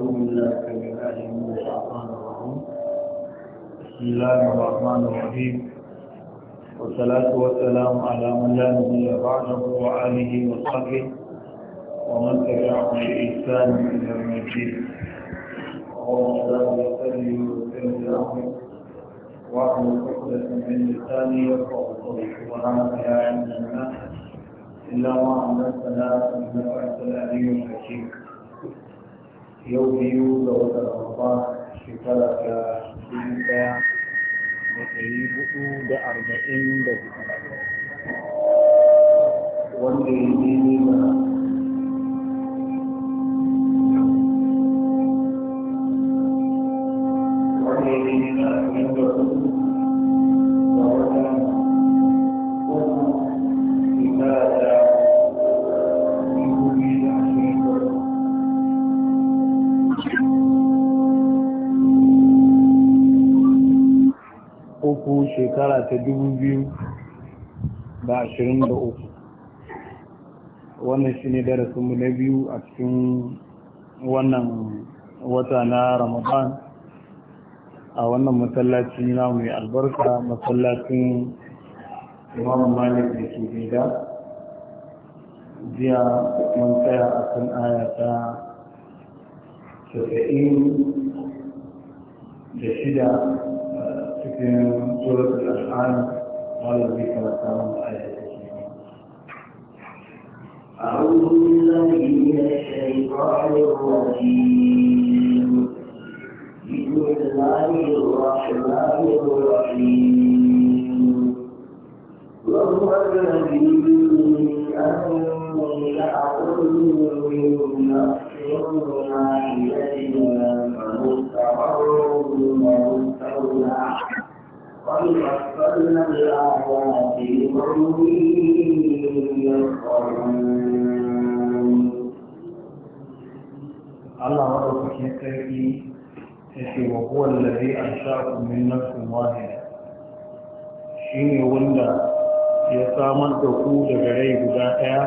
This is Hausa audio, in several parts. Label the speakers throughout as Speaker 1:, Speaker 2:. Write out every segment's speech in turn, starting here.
Speaker 1: بسم الله
Speaker 2: الرحمن الرحيم والصلاة والسلام على من لا نبي بعده وآله وصحبه ومن تبعهم بإحسان إلى يوم الدين اللهم صل وسلم واحمل عقدة من لساني يفقه قولي سبحانك لا علم إلا ما علمتنا من أنت العليم الحكيم yau biyu ga watan ramadan shekara ta dubu daya da ɗari hudu da arba'in da hudu wanda ya yi ne wanda ya yi ne
Speaker 1: shekara ta dubu biyu da ashirin da uku wannan shi ne darasinmu na biyu a cikin wannan wata na ramadan a wannan matsalacin na mai
Speaker 2: albarka masallacin imam malik da ke gida jiya mun tsaya a kan aya ta da shida cikin suratul al'an wala bi karanta wannan ayat أعوذ بالله من الشيطان الرجيم min nafsin
Speaker 1: shine wanda ya samar da ku daga rai guda ɗaya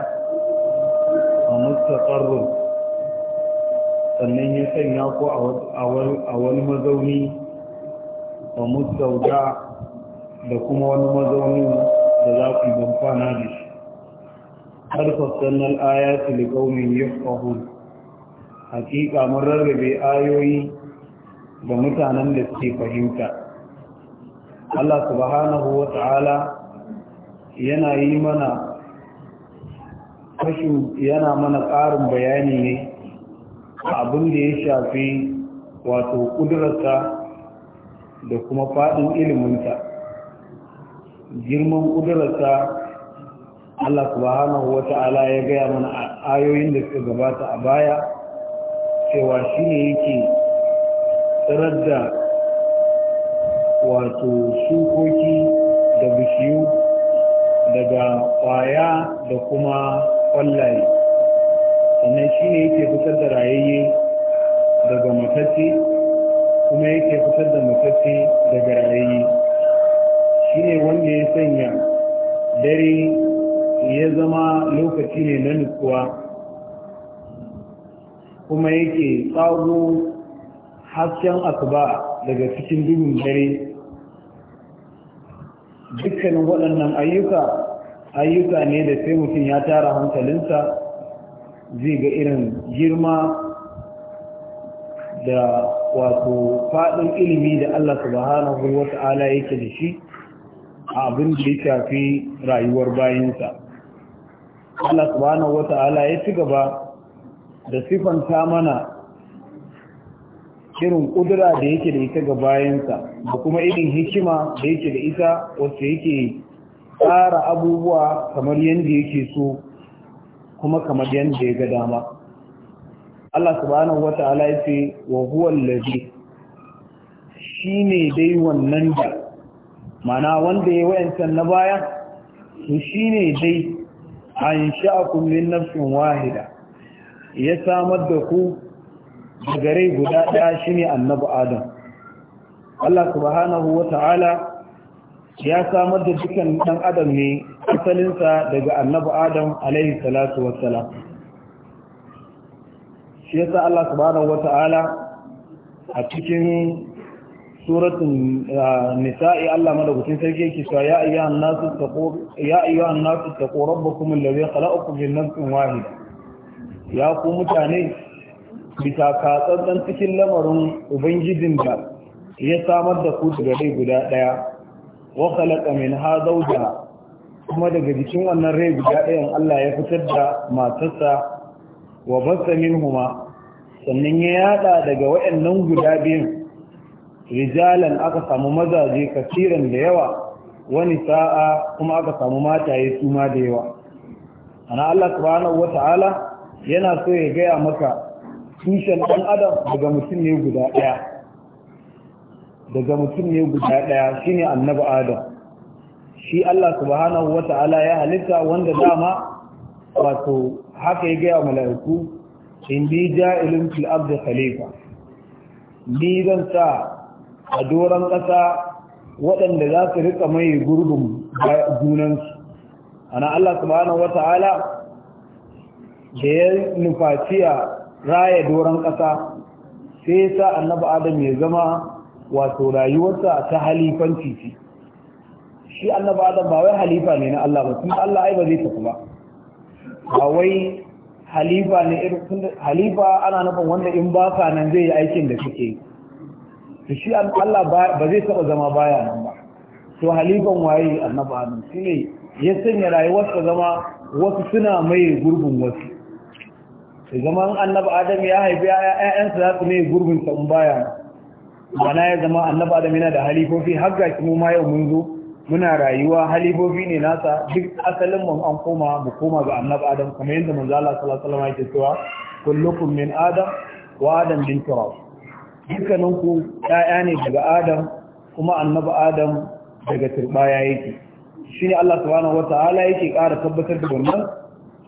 Speaker 1: a mustaqarrun sannan ya sanya ku a wani mazauni a mustauda da kuma wani mazauni da za ku yi kwana da shi har Aya ayatu li qaumin yafqahun hakika mun rarrabe ayoyi da mutanen da suke fahimta Allah subhanahu wa ta'ala yana yi mana kashin yana mana ƙarin bayani ne abin da ya shafi wato ƙudurarsa da kuma faɗin iliminta girman ƙudurarsa Allah subhanahu wa ta'ala ya gaya mana ayoyin da suka gabata a baya cewa shi ne yake sanar da wato shukoki da bishiyu daga kwaya da kuma kwallaye sannan shi ne yake fitar da rayayye daga matacce kuma yake fitar da matacce daga rayayye shi ne wanda ya sanya dare ya zama lokaci ne na nutsuwa kuma yake tsawo hasken asuba daga cikin duhun dare dukkanin waɗannan ayyuka ayyuka ne da sai mutum ya tara hankalinsa zai ga irin girma da wato faɗin ilimi da Allah subhanahu wa ta'ala yake da shi a abin da ya shafi rayuwar bayinsa Allah subhanahu wa ta'ala ya ci gaba da sifanta mana irin kudura da yake da ita ga bayansa da kuma irin hikima da yake da ita wacce yake tsara abubuwa kamar yadda yake so kuma kamar yadda ya ga dama Allah subhanahu wata'ala ya ce wa huwa allazi shine dai wannan da mana wanda ya wayancan na baya to shine dai an sha'akum min nafsin wahida ya samar da ku daga rai guda ɗaya shine annabi adam Allah subhanahu wa ta'ala ya samar da dukkan ɗan adam ne asalinsa daga annabi adam alaihi salatu wassalam shi yasa Allah subhanahu wa ta'ala a cikin suratun ah, nisa'i Allah madaukakin sarki yake cewa ya ayyuhan nasu taqu ya ayyuhan nasu taqu rabbakum alladhi khalaqakum min nafsin wahida ya ku mutane bisa katsantsan cikin lamarin ubangijin da ya samar da ku daga rai guda ɗaya wa khalaqa ha zawjaha kuma daga jikin wannan rai guda ɗayan Allah ya fitar da matarsa wa min huma, sannan ya yada daga wayannan guda biyu rijalan aka samu mazaje kasiran da yawa wani sa'a kuma aka samu mataye su ma da yawa ana Allah subhanahu wata'ala yana so ya gaya maka tushen ɗan adam daga mutum ne guda ɗaya daga mutum ne guda ɗaya shine annabi adam shi Allah subhanahu wata'ala ya halitta wanda dama wato haka ya gaya mala'iku indi ja'ilun fil ardi khalifa ni zan sa a doron ƙasa waɗanda za su rika mai gurbin junansu ana Allah subhanahu wata'ala da ya nufaciya raya doron ƙasa sai ya sa annabi adam ya zama wato rayuwarsa ta halifanci ce shi annabi adam ba wai halifa ne na Allah ba kuma Allah ai ba zai tafi ba ba wai halifa ne irin halifa ana nufin wanda in ba ka nan zai yi aikin da kake to shi Allah ba zai taba zama baya nan ba to halifan waye annabi adam shine ya sanya rayuwarsa zama wasu suna mai gurbin wasu zaman annabi adam ya haifi 'ya'yansa za su ne gurbin sa in baya mana ya zama annabi adam yana da halifofi har ga mu ma yau mun zo muna rayuwa halifofi ne nasa duk asalin mu an koma mu koma ga annabi adam kamar yadda manzo Allah sallallahu alaihi wasallam yake cewa kullukum min adam wa adam bin turab dukkanin ku ne daga adam kuma annabi adam daga turbaya yake shine Allah subhanahu wataala yake ƙara tabbatar da wannan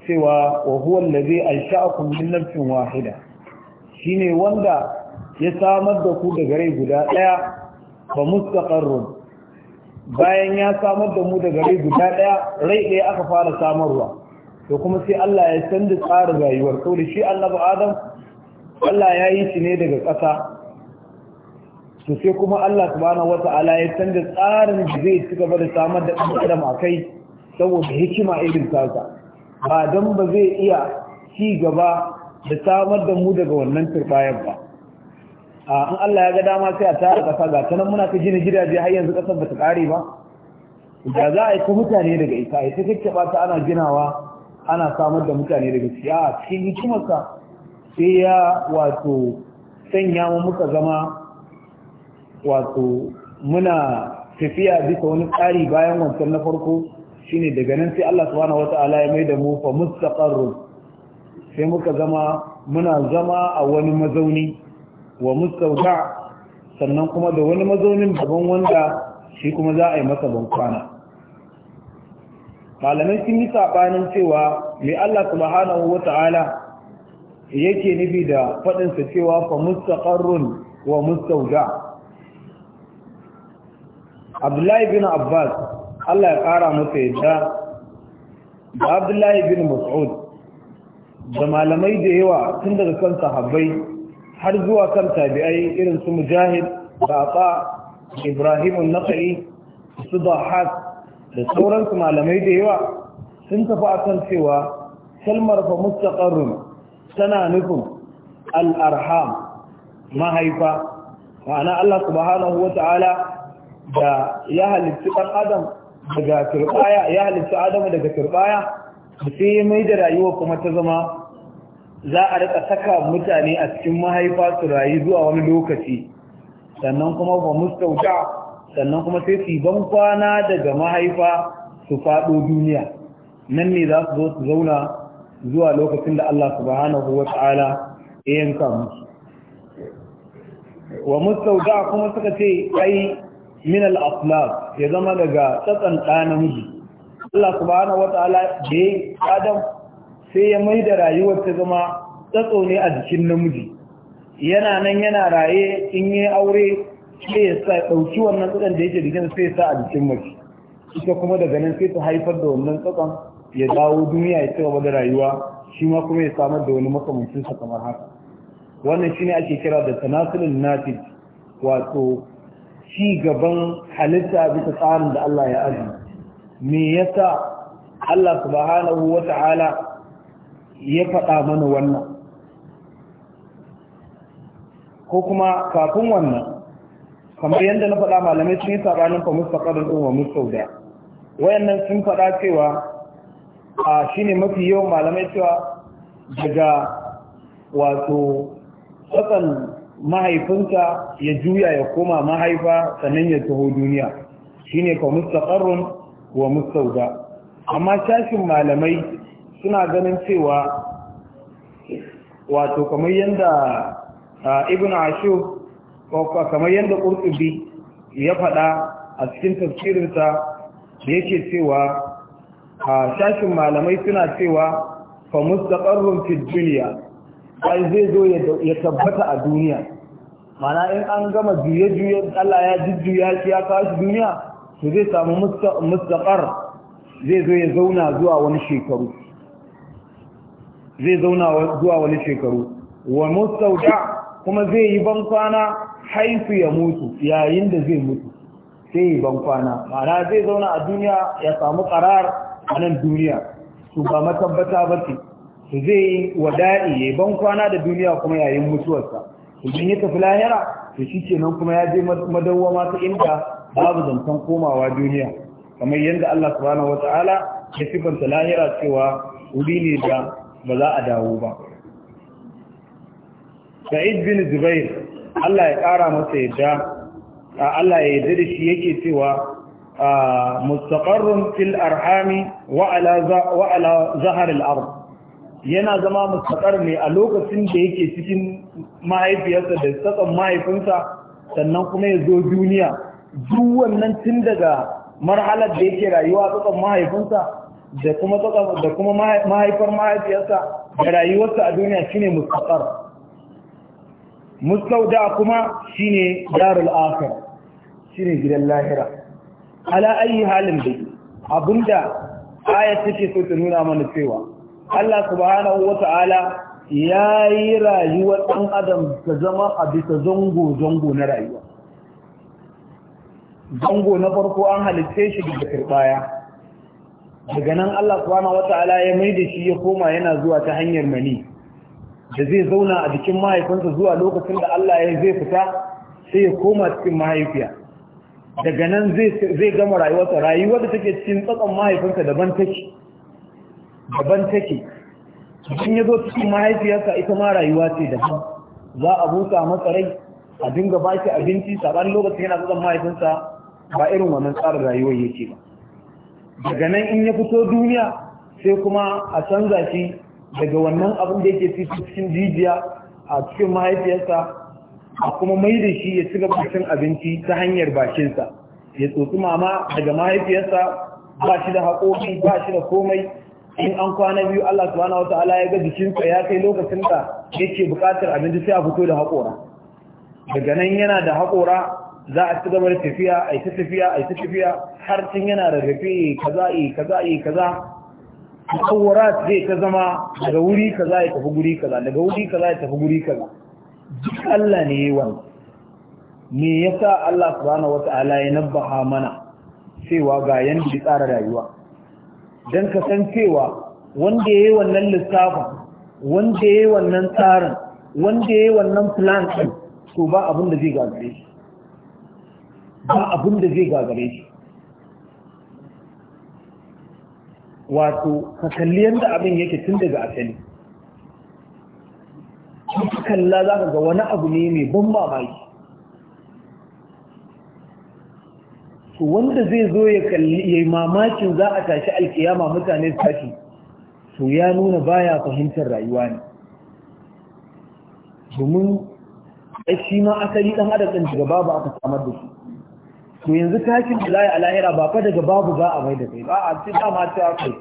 Speaker 1: cewa wa huwa allazi ansha'akum min nafsin wahida ne wanda ya samar da ku daga rai guda daya fa mustaqarrun bayan ya samar da mu daga rai guda daya rai daya aka fara samarwa to kuma sai Allah ya canza tsarin rayuwar to shi annabi Adam Allah ya yi shi ne daga ƙasa to sai kuma Allah subhanahu wata'ala ya canza tsarin da zai ci gaba da samar da ɗan adam a kai saboda hikima irin tasa ba don ba zai iya ci gaba da samar da mu daga wannan turbayar ba a an Allah ya ga dama sai a tara kasa ga ta muna ka gina gidaje har yanzu kasar ba ta kare ba da za a yi ta mutane daga ita a ta ba ta ana ginawa ana samar da mutane daga ciki. a cikin hikimarsa sai ya wato sanya mu muka zama wato muna tafiya bisa wani tsari bayan wancan na farko shine daga nan sai Allah subhanahu wata'ala ya maida mu fa mustaqarr sai muka zama muna zama a wani mazauni wa mustawda sannan kuma da wani mazaunin daban wanda shi kuma za a yi masa bankwana malamai sun yi sabanin cewa mai Allah subhanahu wata'ala yake nufi da faɗinsa cewa fa mustaqarr wa mustawda Abdullahi bin Abbas Allah ya ƙara musu yadda da Abdullahi bin Mas'ud da malamai da yawa tun daga kan sahabbai har zuwa kan tabi'ai irin su Mujahid da Atsa Ibrahim an-Nakhai su Dhahab da sauran su malamai da yawa sun tafi akan cewa kalmar fa mustaqarrun tana nufin al-arham mahaifa ma'ana Allah subhanahu ta'ala da ya halitta ɗan adam daga turbaya ya halitta adamu daga turbaya sai ya mai da rayuwa kuma ta zama za a rika saka mutane a cikin mahaifa su rayu zuwa wani lokaci sannan kuma ba mustauta sannan kuma sai su ban kwana daga mahaifa su faɗo duniya nan ne za su zo su zauna zuwa lokacin da Allah subhanahu wa ta'ala ya yanka musu wa mustauta kuma suka ce ai min al ya zama daga tsatsan ɗa namiji Allah subhanahu wataala da ya adam sai ya mai da rayuwar ta zama tsatso ne a jikin namiji yana nan yana raye in yi aure sai ya sa ɗauki wannan tsatsan da yake jikin sai ya sa a jikin mace ita kuma daga nan sai ta haifar da wannan tsatsan ya dawo duniya ya cigaba da rayuwa shi ma kuma ya samar da wani makamancin sa kamar haka wannan shine ake kira da tanasulun natij wato ci gaban halitta bisa tsarin da Allah ya aji me yasa Allah subhanahu wata'ala ya faɗa mana wannan ko kuma kafin wannan kamar yadda na faɗa malamai sun yi sabanin fa mustaqarrin umma musauda wayannan sun faɗa cewa a shine mafi yawan malamai cewa daga wato tsakan mahaifinsa ya juya ya koma mahaifa sannan ya taho duniya shine fa mustaqarrun wa mustauda amma sashin malamai suna ganin cewa wato kamar yanda ibn ashur kamar yanda qurtubi ya faɗa a cikin tafsirinsa yake cewa a sashin malamai suna cewa fa mustaqarrun fi dunya ai zai zo ya tabbata a duniya mana in an gama juye-juye Allah ya jujjuya shi ya kawo duniya Su zai samu mustaqar zai zo ya zauna zuwa wani shekaru zai zauna zuwa wani shekaru wa mustauda kuma zai yi bankwana haifu ya mutu yayin da zai mutu sai yi bankwana Mana zai zauna a duniya ya samu karar a nan duniya su ba matabbata ba ce to zai wada'i ya ban kwana da duniya kuma yayin mutuwarsa idan ya tafi lahira to shi kenan kuma ya je madawwama ta inda babu zancen komawa duniya kamar yadda Allah subhanahu wata'ala ya sifanta lahira cewa wuri ne da ba za a dawo ba Sa'id bin Zubair Allah ya ƙara masa yadda Allah ya yadda da shi yake cewa mustaqarrun fil arhami wa'ala wa ala zahar al-ard yana zama mustaqar ne a lokacin da yake cikin mahaifiyarsa da tsakan mahaifinsa sannan kuma ya zo duniya duk wannan tun daga marhalar da yake rayuwa tsakan mahaifinsa da kuma da kuma mahaifar mahaifiyarsa da rayuwarsa a duniya shine mustaqar mustauda kuma shine darul akhir shine gidan lahira ala ayi halin da abinda aya take so ta nuna mana cewa Allah subhanahu wa ta'ala ya yi rayuwar ɗan adam ta zama a bisa zango-zango na rayuwa. Zango na farko an halitta shi daga kirɓaya. Daga nan Allah subhanahu wa ta'ala ya mai da shi ya koma yana zuwa ta hanyar mani. Da zai zauna a jikin mahaifinsa zuwa lokacin da Allah ya zai fita sai ya koma cikin mahaifiya. Daga nan zai gama rayuwarsa rayuwar da take cikin tsatson mahaifinsa daban take. daban take in ya zo cikin mahaifiyarsa ita ma rayuwa ce da za a busa masa rai a dinga ba shi abinci saɓanin lokacin yana zuzan mahaifinsa ba irin wannan tsarin rayuwar yake ba daga nan in ya fito duniya sai kuma a canza shi daga wannan abin da yake cikin jijiya a cikin mahaifiyarsa a kuma mai da shi ya ci gaba cin abinci ta hanyar bakinsa ya tsotsi mama daga mahaifiyarsa ba shi da haƙoƙi ba shi da komai in an kwana biyu Allah subhanahu wata'ala ya ga ka ya kai lokacin da yake buƙatar abinci sai a fito da haƙora daga nan yana da haƙora za a ci gaba da tafiya a yi ta tafiya a yi ta tafiya har tun yana rarrafe kaza yi kaza yi kaza haƙora zai ta zama daga wuri kaza ya tafi guri kaza daga wuri kaza ya tafi guri kaza duk Allah ne ya wani me yasa Allah subhanahu wata'ala ya nabbaha mana cewa ga yanda ya tsara rayuwa don ka san cewa wanda ya yi wannan lissafin wanda ya yi wannan tsarin wanda ya yi wannan plan to ba abin da zai gagare shi ba abin da zai gagare shi wato ka kalli yadda abin yake tun daga asali kalla za ka ga wani abu ne mai ban mamaki to wanda zai zo ya kalli ya mamakin za a tashi alkiyama mutane su tashi to ya nuna baya fahimtar rayuwa ne domin shi ma yi dan adadin daga babu aka samar da shi to yanzu tashin da zai a lahira ba fa daga babu za a mai da kai ba a ci dama ta kai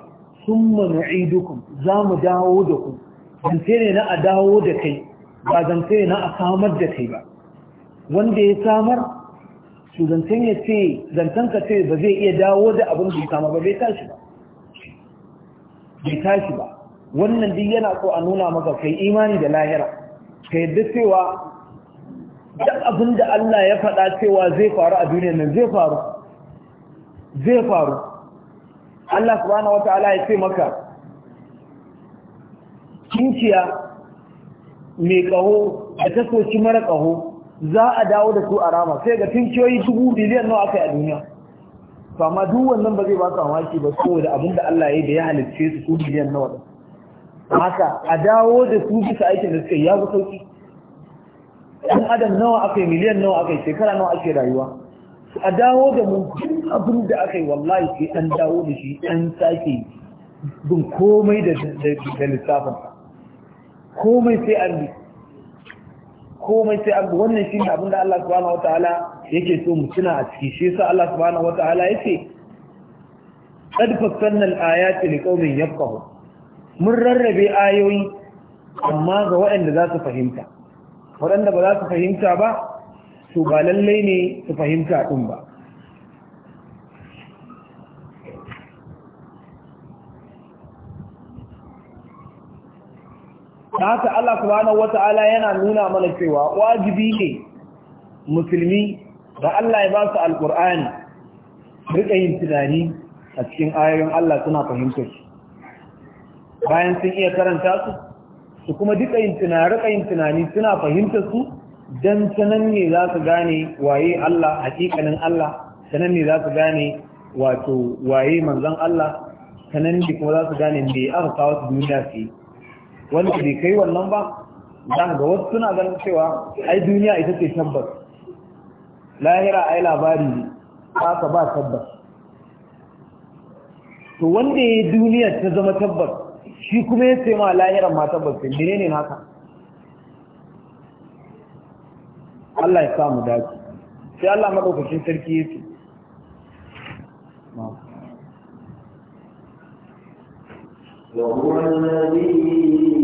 Speaker 1: summa nu'idukum za mu dawo da ku zance ne na a dawo da kai ba zance ne na a samar da kai ba wanda ya samar to zancen ya ce zancen ka ce ba zai iya dawo da abin da kama ba bai tashi ba bai tashi ba wannan duk yana so a nuna maka kai imani da lahira ka yadda cewa duk abin da Allah ya faɗa cewa zai faru a duniyar nan zai faru zai faru Allah subhanahu wata'ala ya ce maka kinciya mai kaho da ta soci mara kaho. za a dawo da su a rama sai ga tunkiyoyi dubu biliyan nawa aka yi a duniya to amma duk wannan ba zai ba su mamaki ba saboda abin da Allah ya yi da ya halicce su dubu biliyan nawa ɗin haka a dawo da su bisa aikin da suka yi ya fi sauki ɗan adam nawa aka yi miliyan nawa aka yi shekara nawa ake rayuwa a dawo da mu abin da aka yi wallahi sai an dawo da shi an sake bin komai da lissafin komai sai an bi komai sai abu wannan shine abin da Allah subhanahu wataala yake so mu tuna a ciki shi yasa Allah subhanahu wataala yake qad fassalna al-ayati liqaumin yafqahu mun rarrabe ayoyi amma ga waɗanda za su fahimta waɗanda ba za su fahimta ba to ba lallai ne su fahimta ɗin ba da haka Allah subhanahu wata'ala yana nuna mana cewa wajibi ne musulmi da Allah ya ba su alƙur'ani rika yin tunani a cikin ayoyin Allah suna fahimtar su bayan sun iya karanta su su kuma duka yin tunani rika yin tunani suna fahimtar su dan sanan ne za su gane waye Allah hakikanin Allah sanan ne za su gane wato waye manzon Allah sanan ne kuma za su gane me aka kawo su duniya su yi Wani bai kai wannan ba za ga wasu suna ganin cewa ai duniya ita ce tabbas lahira ai labari ne haka ba tabbas to wanda ya duniya ta zama tabbas shi kuma ya sai ma lahiran ma tabbas ne menene naka Allah ya samu dace sai Allah maɗaukacin sarki ya ce
Speaker 2: وهو الذي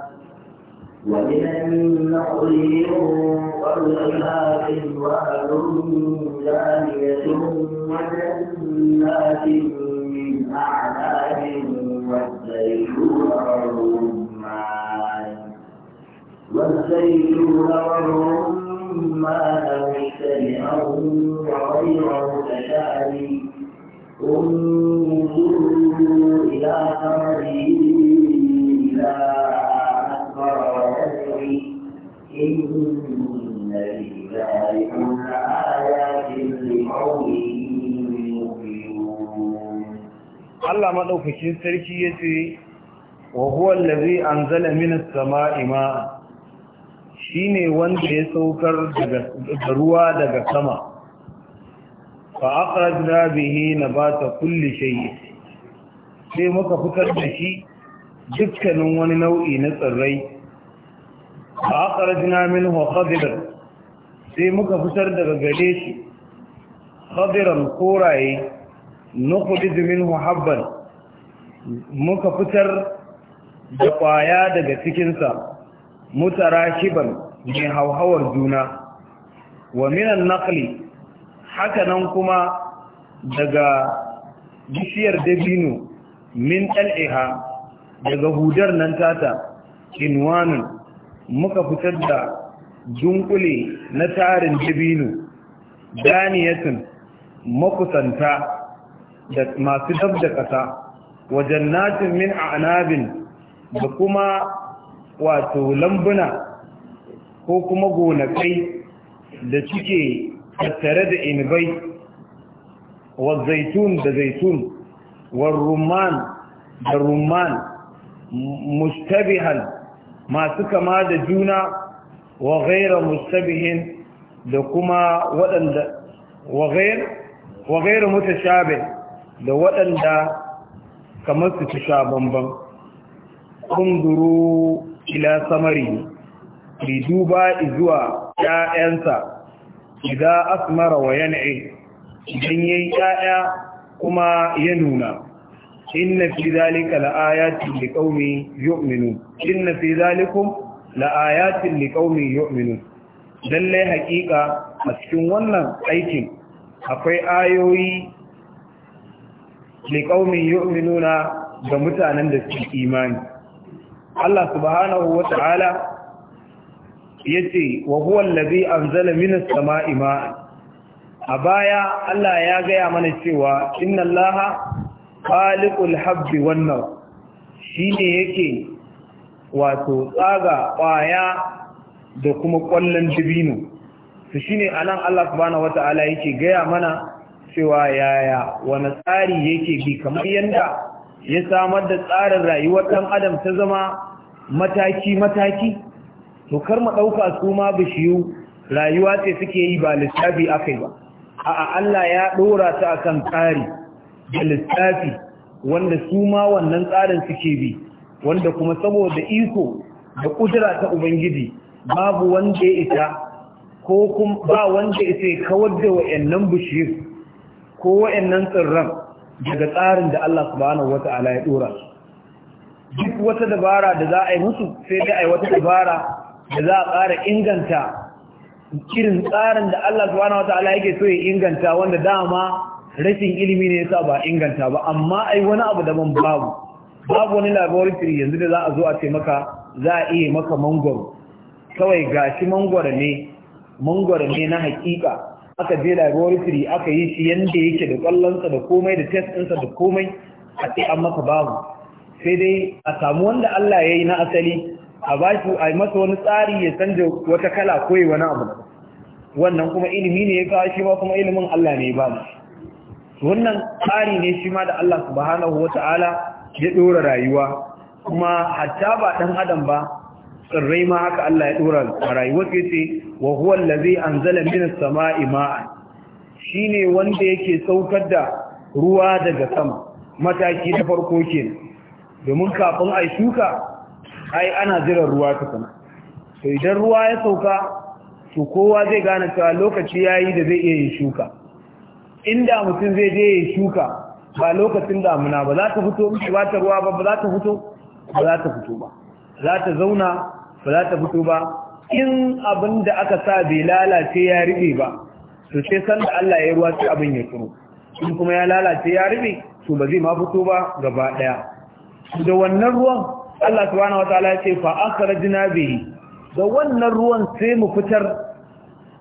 Speaker 2: ومن النخل والأنهار وأهل دانية وجنات من أعناب والزيتون والرمان والزيتون والرمان مجتمعا وغير متشابه انظروا إلى ثمره Allah madaukakin
Speaker 1: sarki yace wa huwa allazi anzala minas samaa'i ma'a shine wanda ya saukar da ruwa daga sama fa na bihi nabata kulli shayi. sai muka fitar da shi dukkanin wani nau'i na tsirrai fa akhrajna minhu khadiran sai muka fitar daga gare shi khadiran koraye nukhudij minhu habban muka fitar da ƙwaya daga cikinsa mutara shiban mai hauhawar juna wa minan nakli hakanan kuma daga bishiyar dabino min ɗal'iha daga hudar nan tata kinwanin muka fitar da dunkule na tarin dabino daniyatin makusanta da masu dab da ƙasa Wajen natin min a'nabin da kuma wato lambuna ko kuma gonakai da suke tattare da inibai wa zaitun da zaitun wa rumman da rumman mustabihan masu kama da juna wa gaira mustabihin da kuma waɗanda wa gaira mutashabin da waɗanda kamar su ci sha bamban kunduru ila samari li duba zuwa ƴaƴansa idan asmara wa yan'i idan yayi ƴaƴa kuma ya nuna inna fi zalika laayatin liqaumin yu'minu inna fi zalikum laayatin liqaumin yu'minu dalle haqiqa a cikin wannan aikin akwai ayoyi li qaumin yu'minuna ga mutanen da suke imani Allah subhanahu wa ta'ala yace wa huwa allazi anzala minas sama'i ma'an a baya Allah ya gaya mana cewa inna Allaha khaliqul habbi wan naw shine yake wato tsaga ƙwaya, da kuma ƙwallon dibino ne a nan Allah subhanahu Ta'ala yake gaya mana cewa yaya wani tsari yake bi kamar yadda ya samar da tsarin rayuwar ɗan adam ta zama mataki-mataki to kar mu ɗauka su ma bishiyu rayuwa ce suke yi ba lissafi yi ba a'a Allah ya ɗora ta akan tsari da lissafi wanda su ma wannan tsarin suke bi wanda kuma saboda iko da ƙudura ta ubangiji babu wanda ya ita ko kuma ba wanda ya kawar da wa'annan bishiyu. ko wa'annan tsirran daga tsarin da Allah subhanahu wata'ala ya dora duk wata dabara da za a yi musu sai dai a yi wata dabara
Speaker 2: da za a ƙara
Speaker 1: inganta irin tsarin da Allah subhanahu wata'ala yake so ya inganta wanda dama rashin ilimi ne yasa ba inganta ba amma ai wani abu daban babu babu wani laboratory yanzu da za a zo a ce maka za a iya maka mangwaro kawai gashi mangwaro ne mangwaro ne na hakika aka je laboratory aka yi shi yanda yake da kwallonsa da komai da test ɗinsa da komai a sai an masa babu sai dai a samu wanda Allah ya yi na asali a ba shi a masa wani tsari ya canja wata kala ko yi wani abu wannan kuma ilimi ne ya kawo shi ma kuma ilimin Allah ne ba wannan tsari ne shi ma da Allah subhanahu wata'ala ya ɗora rayuwa kuma hatta ba ɗan adam ba tsirrai ma haka Allah ya dora a rayuwar ya ce wa huwa allazi anzala minas sama'i ma'an shine wanda yake saukar da ruwa daga sama mataki na farko kenan domin kafin ai shuka ai ana jiran ruwa ta tukuna to idan ruwa ya sauka to kowa zai gane cewa lokaci yayi da zai iya yin shuka inda mutum zai je yin shuka ba lokacin damuna ba za ta fito ba ta ruwa ba ba za ta fito ba za ta fito ba za ta zauna ba za ta fito ba in abin da aka sa bai lalace ya riɓe ba to sai san da Allah ya ruwa sai abin ya tsiro in kuma ya lalace ya riɓe to ba zai ma fito ba gaba ɗaya da wannan ruwan Allah subhanahu wataala ya ce fa akhrajna bihi da wannan ruwan sai mu fitar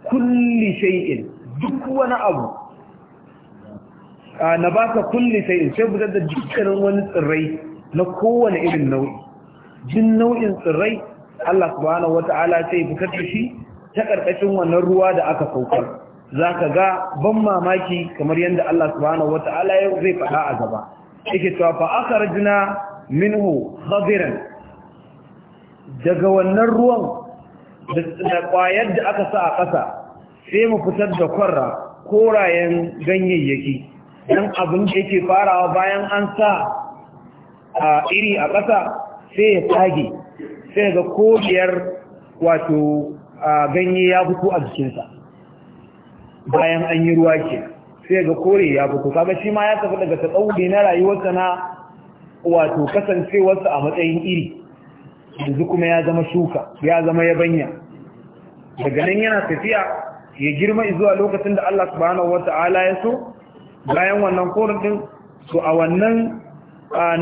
Speaker 1: kulli shay'in duk wani abu na baka kulli shay'in sai fitar da dukkanin wani tsirrai na kowane irin nau'i jin nau'in tsirrai Allah subhanahu wata'ala ce fitar da shi ta karkashin wannan ruwa da aka saukar zaka ga ban mamaki kamar yanda Allah subhanahu wata'ala zai faɗa a gaba yake cewa fa akhrajna minhu khadiran daga wannan ruwan da kwayar da aka sa a ƙasa sai mu fitar da kwarra korayen ganyayyaki dan abin da yake farawa bayan an sa a iri a ƙasa sai ya tsage sai ga koriyar wato ganye ya fito a jikinsa bayan an yi ruwa ke sai ga kore ya fito kaga shi ma ya tafi daga tsauni na rayuwarsa na wato kasancewarsa a matsayin iri yanzu kuma ya zama shuka ya zama yabanya daga nan yana tafiya ya girma zuwa lokacin da Allah subhanahu wata'ala ya so bayan wannan korin din to a wannan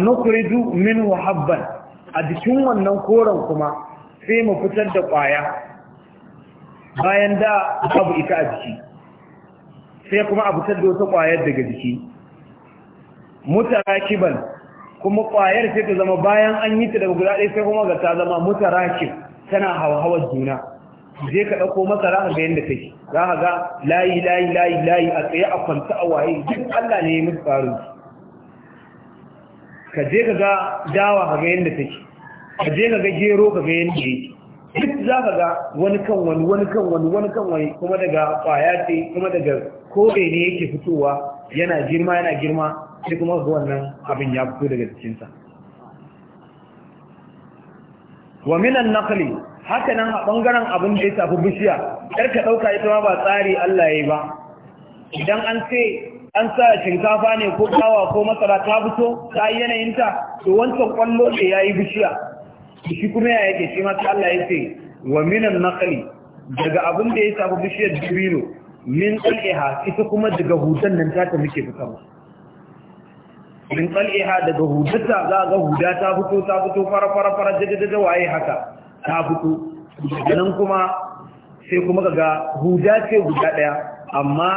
Speaker 1: nukhriju min habban a jikin wannan koren kuma sai mu fitar da ƙwaya bayan da abu ita a jiki sai kuma a fitar da wata ƙwayar daga jiki mutarakiban kuma ƙwayar sai ta zama bayan an yi ta daga guda ɗaya sai kuma ga ta zama mutarakin tana hawa hauhawar juna je ka ɗauko masara ga yadda take za ka ga layi layi layi layi a tsaye a kwanta a waye duk Allah ne ya musu faru ka je ka ga dawa ka ga yadda take ka je ka ga gero ka ga yadda yake duk za ka ga wani kan wani wani kan wani wani kan wani kuma daga kwaya ce kuma daga kore ne yake fitowa yana girma yana girma sai kuma ga wannan abin ya fito daga cikinsa wa minan naqli haka nan a bangaren abin da ya tafi bishiya kar ka ɗauka ita ma ba tsari Allah ya yi ba idan an ce an sa shinkafa ne ko dawa ko masara ta fito ta yi yanayinta to wancan kwallo ne ya yi bishiya shi kuma ya yake shi masu Allah ya ce wa minan nakali daga abin da ya samu bishiyar dibino min tsal'iha ita kuma daga hudan nan ta ta muke fitarwa min tsal'iha daga hudata za ga huda ta fito ta fito fara fara fara jajajaja waye haka ta fito daga nan kuma sai kuma ga huda ce guda ɗaya amma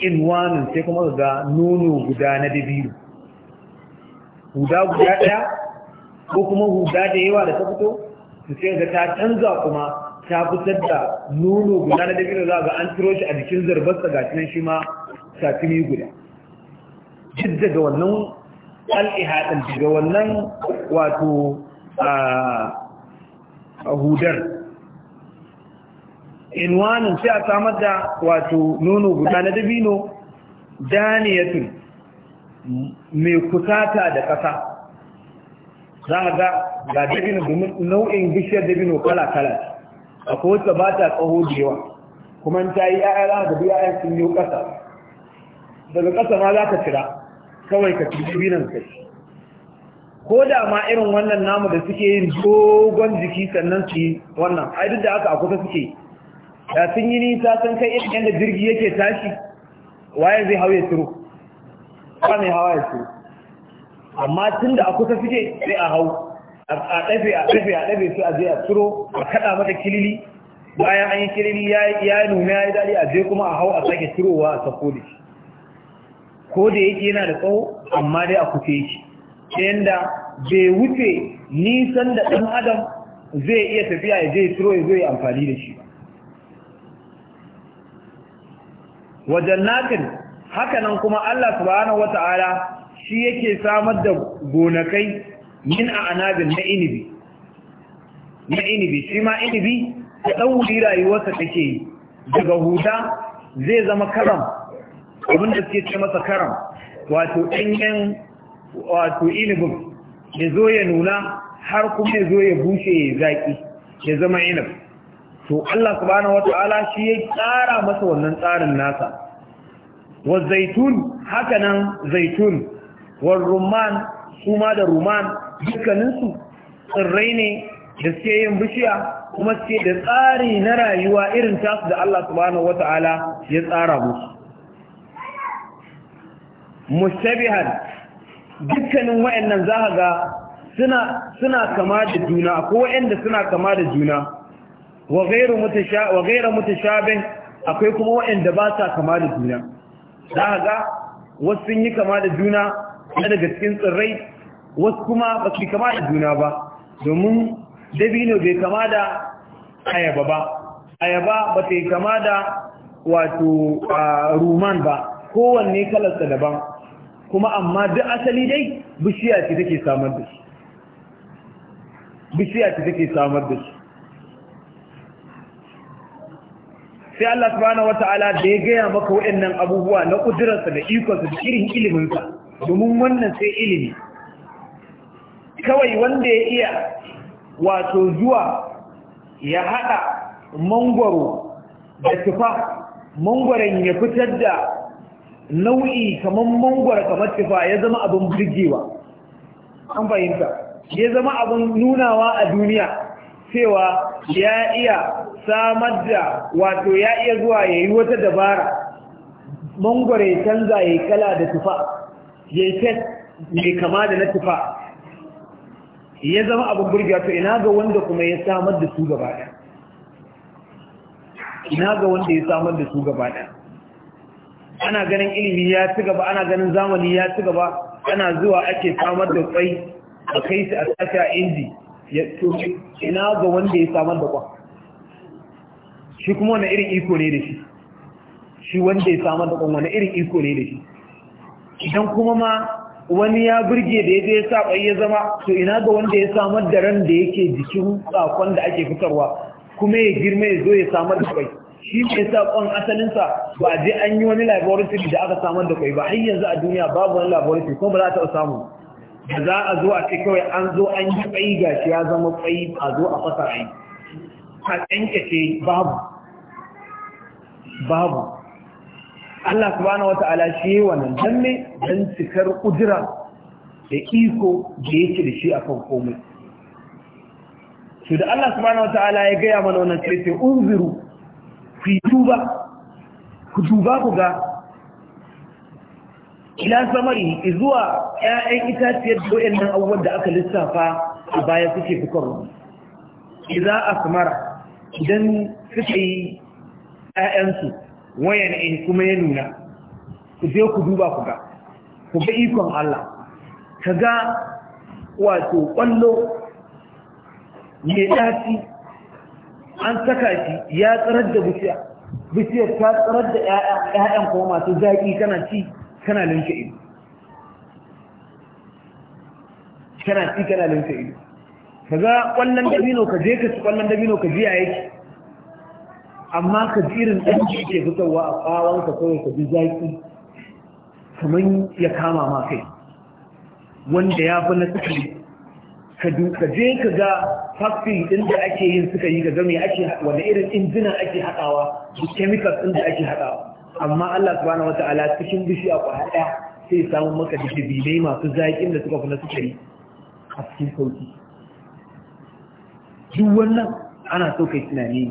Speaker 1: inwanin sai kuma ga nono guda na dabiru huda guda ɗaya ko kuma huda da yawa da ta fito su sai ga ta canza kuma ta fitar da nono guda na dabiru za ga an ciro shi a jikin zarbar ga cinan shi ma satini guda duk daga wannan al'ihadin daga wannan wato a ah, hudar inwanin sai a samar da wato nono guda na dabino daniyatun mai kusata da ƙasa za a ga ga dabino domin nau'in bishiyar dabino kala-kala akwai wacce ba ta tsaho da yawa kuma ta yi ya'ya da biya ya'yan sun yi ƙasa daga ƙasa ma za ka cira kawai ka cikin dabinon kai ko da ma irin wannan namu da suke yin dogon jiki sannan su yi wannan ai duk da haka a kusa suke da sun yi nisa sun kai irin yadda jirgi yake tashi waye zai hau ya turo ba mai hawa ya turo amma tun da a kusa suke sai a hau a ɗafe a ɗafe a ɗafe su a je a turo a kaɗa mata kilili bayan an yi kilili ya nuna ya yi daɗi a je kuma a hau a sake turowa a sako da shi ko da yake yana da tsawo amma dai a kuce shi yadda bai wuce nisan da ɗan adam zai iya tafiya ya je turo ya zo ya amfani da shi ba wa jannatin hakanan kuma Allah subhanahu wata'ala shi yake samar da gonakai min a anabin na inibi na inibi shi ma inibi da ɗauri rayuwarsa take yi daga huta zai zama karam abin da suke ce masa karam wato ɗanyen wato inibin ya zo ya nuna har kuma ya zo ya bushe ya zaƙi ya zama inib to Allah subhanahu wata'ala shi ya tsara masa wannan tsarin nasa wa zaitun haka nan zaitun wa rumman kuma da rumman dukkaninsu tsirrai ne da suke yin bishiya kuma suke da tsari na rayuwa irin tasu da Allah subhanahu wata'ala ya tsara musu mushabihan dukkanin wayannan za ga suna suna kama da juna ko wayanda suna kama da juna wa gairu mutashabin akwai kuma waɗanda ba sa kama da juna za ga wasu sun yi kama da juna na daga cikin tsirrai wasu kuma ba su kama da juna ba domin dabino bai kama da ayaba ba ayaba ba ta yi kama da wato ruman ba kowanne kalarsa daban kuma amma duk asali dai bishiya da shi bishiya ce take samar da shi sai Allah subhanahu wata'ala da ya gaya maka waɗannan abubuwa na ƙudurarsa da ikonsa da irin iliminsa domin wannan sai ilimi kawai wanda ya iya wato zuwa ya haɗa mangwaro da tufa mangwaron ya fitar da nau'i kamar mangwaro kamar tufa ya zama abin birgewa an fahimta ya zama abin nunawa a duniya cewa ya iya samar da wato ya iya zuwa ya yi wata dabara mangwara ya canza ya yi kala da tufa ya yi fet mai kama da na tufa ya zama abin burgiya to ina ga wanda kuma ya samar da su gaba ɗaya ina ga wanda ya samar da su gaba ɗaya ana ganin ilimi ya ci gaba ana ganin zamani ya ci gaba ana zuwa ake samar da kwai a kai su a sashi inji ya ina ga wanda ya samar da kwan shi kuma wani irin iko ne da shi shi wanda ya samar da wani irin iko ne da shi idan kuma ma wani ya burge da ya je ya ya zama to ina ga wanda ya samar da ran da yake jikin sakon da ake fitarwa kuma ya girma ya zo ya samar da kwai shi ne sakon asalinsa ba a je an yi wani laboratory da aka samar da kwai ba har yanzu a duniya babu wani laboratory kuma ba za ta samu da za a zo a ce kawai an zo an yi ga gashi ya zama tsayi a zo a fasa ai a tsankace babu babu Allah subhanahu wata'ala shi wannan dan me dan cikar kudura da iko da yake da shi akan komai to da Allah subhanahu wata'ala ya gaya mana wannan sai sai unziru fi tuba ku duba ku ga ila samari zuwa ƴaƴan itaciyar doyen nan abubuwan da aka lissafa a baya suke fitarwa idza asmara idan suka yi ‘ya'yansu wayan in kuma ya nuna ku je ku duba ku ga ku ga ikon Allah ka ga wato ƙwallo mai ɗaci an saka shi ya tsarar da bishiya bishiyar ta tsarar da ‘ya'yan kuma masu zaƙi kana ci kana ido ka ga ƙwallon dabino ka je ka ci ƙwallon dabino ka ji yake amma ka ji irin ɗan da ke fitowa a ɓawon ka kawai ka ji zaƙi kamar ya kama ma kai wanda ya fi na sukari ka je ka ga factory ɗin da ake yin suka yi ga me ake wanda irin injinan ake haɗawa da kemikal ɗin da ake haɗawa amma Allah subhanahu wata'ala cikin bishiya kwaya ɗaya sai samun maka da masu zaƙin da suka fi na sukari a cikin sauki duk wannan ana so kai tunani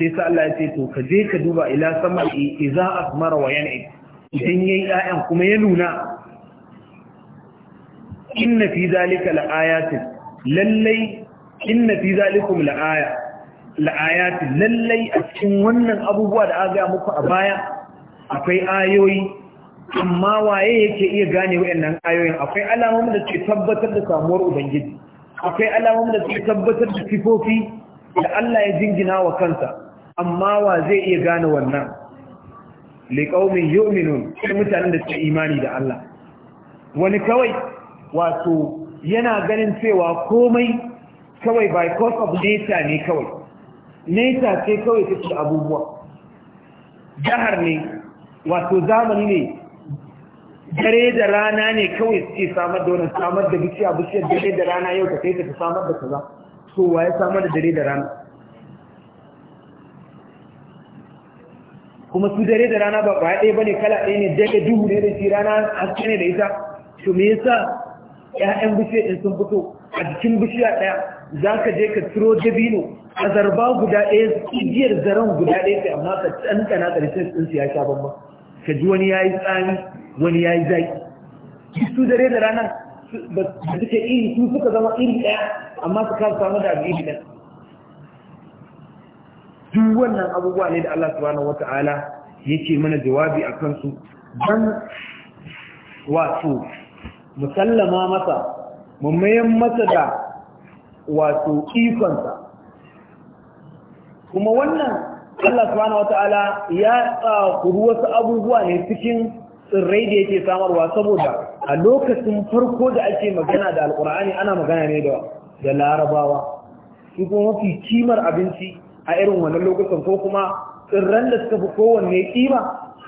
Speaker 1: sai sa Allah ya ce to ka je ka duba ila samai idza asmara wa yan'i idan yayi ayan kuma ya nuna inna fi zalika laayatin lallai inna fi zalikum laaya laayatin lallai a cikin wannan abubuwa da aka ga muku a baya akwai ayoyi amma waye yake iya gane wayannan ayoyin akwai alamomin da ke tabbatar da samuwar ubangiji akwai alamun da suke tabbatar da sifofi da Allah ya jingina wa kansa amma wa zai iya gane wannan liqaumin yu'minun sai mutanen da suke imani da Allah wani kawai wato yana ganin cewa komai kawai by cause of nature ne kawai nature ce kawai take abubuwa jahar ne wato zamani ne dare da rana ne kawai suke samar da wani samar da bishiya bishiyar dare da rana yau ta kai ta samar da kaza so waye samar da dare da rana kuma su dare da rana ba kwaya ɗaya bane kala ɗaya ne dare duhu ne da shi rana haske ne da ita to me yasa ƴaƴan bishiya ɗin sun fito a jikin bishiya ɗaya za ka je ka ciro dabino a zarba guda ɗaya igiyar zaren guda ɗaya sai amma ka na ƙarshen tsinsu ya sha bamba ka ji wani ya yi tsami wani ya yi zaki su dare da ranar su suke iri su suka zama iri ɗaya amma su kan samu da abu iri ɗan duk wannan abubuwa ne da Allah subhanahu ya yake mana jawabi a kansu don wato musallama masa mummayan masa da wato ikonsa kuma wannan Allah subhanahu ta'ala) ya tsakuru wasu abubuwa ne cikin tsirrai da yake samarwa saboda a lokacin farko da ake magana da alkur'ani ana magana ne da larabawa su kuma mafi kimar abinci a irin wannan lokacin ko kuma tsirran da suka fi kowanne kima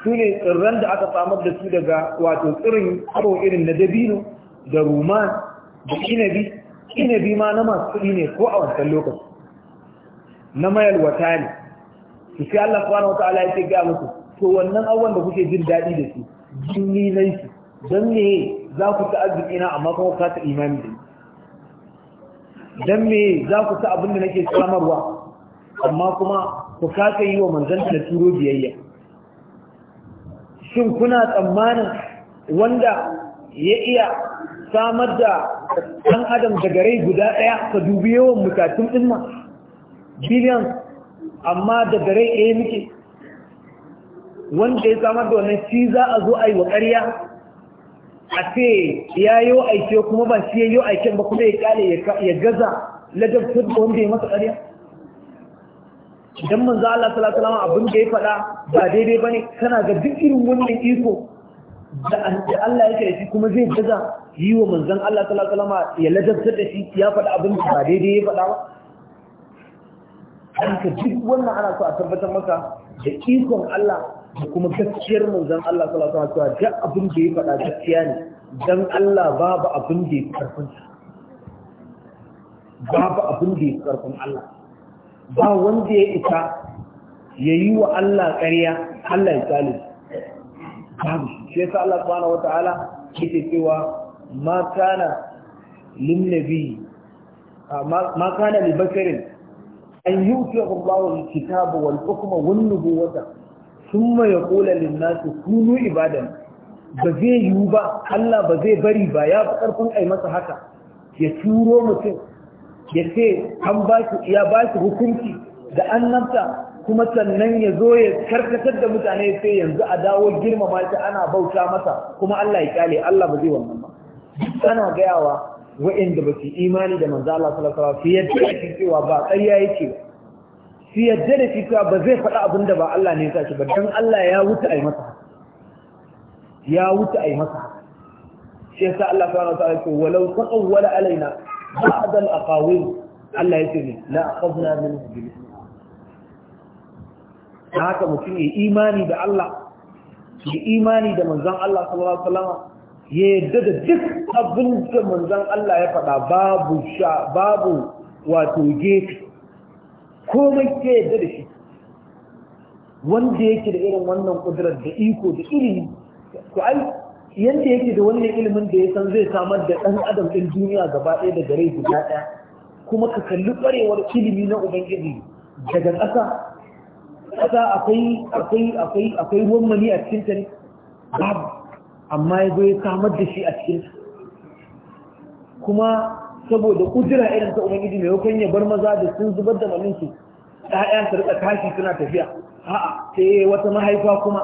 Speaker 1: su ne tsirran da aka samar da su daga wato tsirin abu irin na dabino da ruman da inabi inabi ma na masu kuɗi ne ko a wancan lokacin. na mayar wata ne su sai Allah subhanahu wa ta'ala ya ce ga musu to wannan abubuwan da kuke jin daɗi da su jinni laifin, don me za ku ta arziki na amma kuma ka ta imani da don me za ku ta abin da nake samarwa amma kuma ku kaka yi wa manzanta da turo biyayya shin kuna tsammanin wanda ya iya samar da ɗan adam daga rai guda ɗaya ka dubi yawan mutatun ɗin ma biliyan amma daga rai ɗaya muke wanda ya samar da wannan shi za a zo a yi wa ƙarya a ce ya yi wa aike kuma ba shi ya yi aiken ba kuma ya kale ya gaza ladabtar da wanda ya masa ƙarya idan manzo Allah sallallahu alaihi wasallam abin da ya faɗa ba daidai bane kana ga duk irin wannan iko da Allah yake da shi kuma zai gaza yi wa manzon Allah sallallahu alaihi wasallam ya ladabtar da shi ya faɗa abin da ba daidai ya faɗa ba an ka duk wannan ana so a tabbatar maka da ikon Allah da kuma gaskiyar manzon Allah sallallahu alaihi wasallam duk abin da ya faɗa gaskiya ne dan Allah babu abin da ya karfin babu abin da ya karfin Allah ba wanda ya isa yayi wa Allah ƙarya Allah ya tsale babu shi sa Allah subhanahu wataala yake cewa ma kana lin nabi ah, ma kana li bakarin an yuti Allahu al-kitaba wal hukma wan nubuwata sun ma ya ƙola linnasu kunu ibadan ba zai yiwu ba Allah ba zai bari ba ya fi ƙarfin masa haka ya turo mutum ya ce an ya ba shi hukunci da annabta kuma sannan ya zo ya karkatar da mutane sai yanzu a dawo girmama shi ana bauta masa kuma Allah ya kyale Allah ba zai wannan ba ana gayawa wa'anda ba su imani da manzo Allah sallallahu alaihi wasallam fiye da cewa ba ƙarya yake ba su yadda da shi ba zai faɗa abin da ba Allah ne ya tashi ba don Allah ya wuce a yi masa ya wuce a yi masa shi yasa Allah ta rasa ya ce walau taqawwala alaina ba'd al-aqawil Allah ya ce ne la aqadna min bil haka mutum ya imani da Allah ya imani da manzan Allah sallallahu alaihi wasallam ya yadda da duk abin da manzon Allah ya faɗa babu sha babu wato gefe komai ya yadda da shi wanda yake da irin wannan kudurar da iko da ilimi ko ai yanda yake da wannan ilimin da ya san zai samar da ɗan adam ɗin duniya gaba ɗaya da gare guda ɗaya kuma ka kalli ƙwarewar ilimi na ubangiji daga ƙasa ƙasa akwai akwai akwai akwai ruwan mani a cikin ta ne babu amma ya zo ya samar da shi a cikin kuma saboda kudura irin ta ubangiji mai ya bar maza da sun zubar da malinsu ɗayan su rika tashi suna tafiya a'a sai wata mahaifa kuma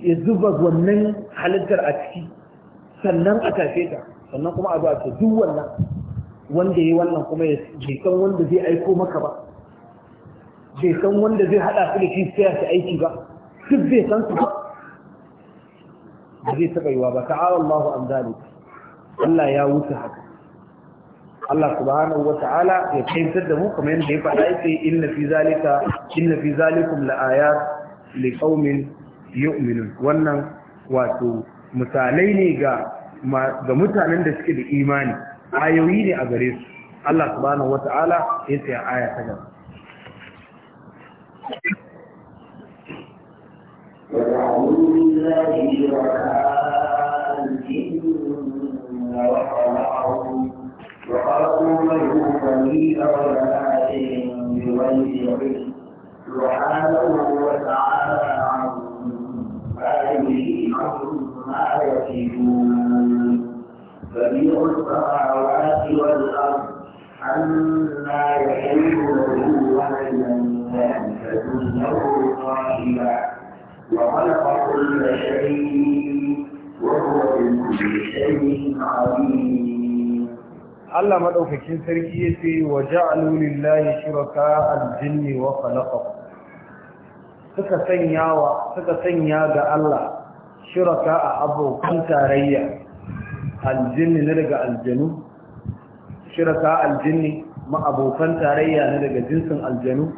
Speaker 1: ya zuba wannan halittar a ciki sannan a tafe ta sannan kuma a zuwa ta duk wannan wanda ya yi wannan kuma ya san wanda zai aiko maka ba bai san wanda zai haɗa su da shi sai su aiki ba duk bai san su ba da zai yi yiwa ba ta'ala Allahu an zalik Allah ya wuce haka Allah subhanahu ta'ala ya fahimtar da mu kamar yadda ya faɗa yake inna fi zalika inna fi zalikum la'ayat qaumin yu'minun wannan wato misalai ne ga ga mutanen da suke da imani ayoyi ne a gare su Allah subhanahu ta'ala ya tsaya aya ta gaba
Speaker 2: غير بريء ولكن بغير علم سبحانه وتعالى عما يصفون بديع السماوات والارض عما يحل له ولن ينفذ له صاحبا وخلق كل شيء وهو بكل شيء عليم
Speaker 1: Allah maɗaukakin sarki yace wa ja'alu lillahi shuraka al-jinni wa khalaqahu suka sanya ga Allah shuraka a abokan tarayya al na daga aljanu shuraka al ma abokan tarayya na daga jinsin aljanu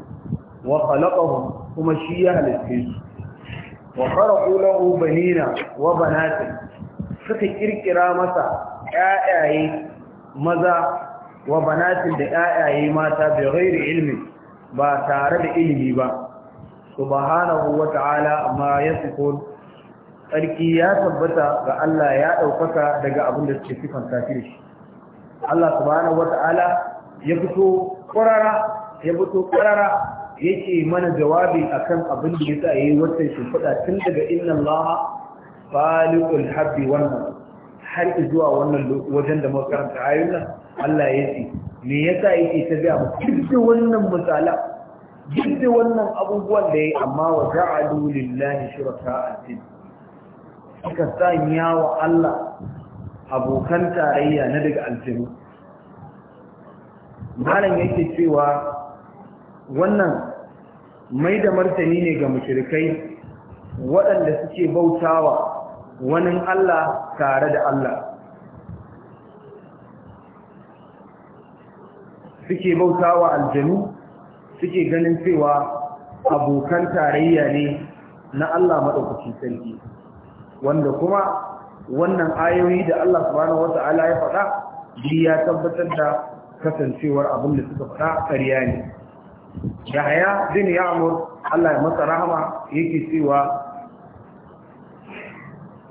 Speaker 1: wa khalaqahum kuma shi ya halitta su wa kharaqu lahu banina wa banatin suka ƙirƙira masa ƴaƴaye maza wa banatin da ƴaƴaye mata bai ghairi ilmi ba tare da ilimi ba subhanahu wa ta'ala amma yasifun sarki ya tabbata ga Allah ya ɗaukaka daga abin da suke sifanta shi Allah subhanahu wa ta'ala ya fito ƙwarara ya fito ƙwarara yake mana jawabi akan abin da yasa yayi wannan shimfiɗa tun daga inna Allah faliqul habbi wannan har zuwa wannan wajen da makaranta ayyuna Allah ya ce me yasa yake ta ga mu wannan misala duk wannan abubuwan da ya amma wa ja'alu lillahi shuraka al-jin suka sanya wa Allah abokan tarayya na daga aljinu malam yake cewa wannan mai da martani ne ga mushrikai waɗanda suke bautawa wani Allah tare da Allah suke bauta wa aljanu suke ganin cewa abokan tarayya ne na Allah maɗaukacin sarki wanda kuma wannan ayoyi da Allah subhanahu wata'ala ya faɗa bi ya tabbatar da kasancewar abin da suka faɗa ƙarya ne Yahaya bin Ya'mur Allah ya masa rahama yake cewa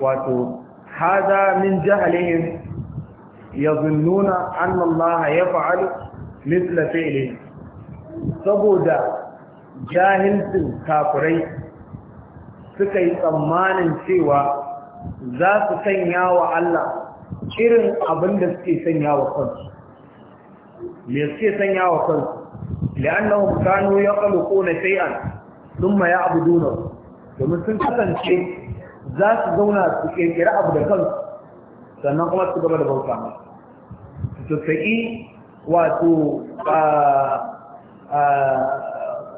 Speaker 1: wato haza min jahalihim yazunnuna anna Allah yaf'alu mithla fi'li saboda jahilcin kafirai suka yi tsammanin cewa za su sanya wa Allah irin abin da suke sanya wa kansu me suke sanya wa kansu li'annahum kanu yaqluquna shay'an thumma ya'buduna domin sun kasance za su zauna su kirkira abu da kansu sannan kuma su gaba da bauta su saki wato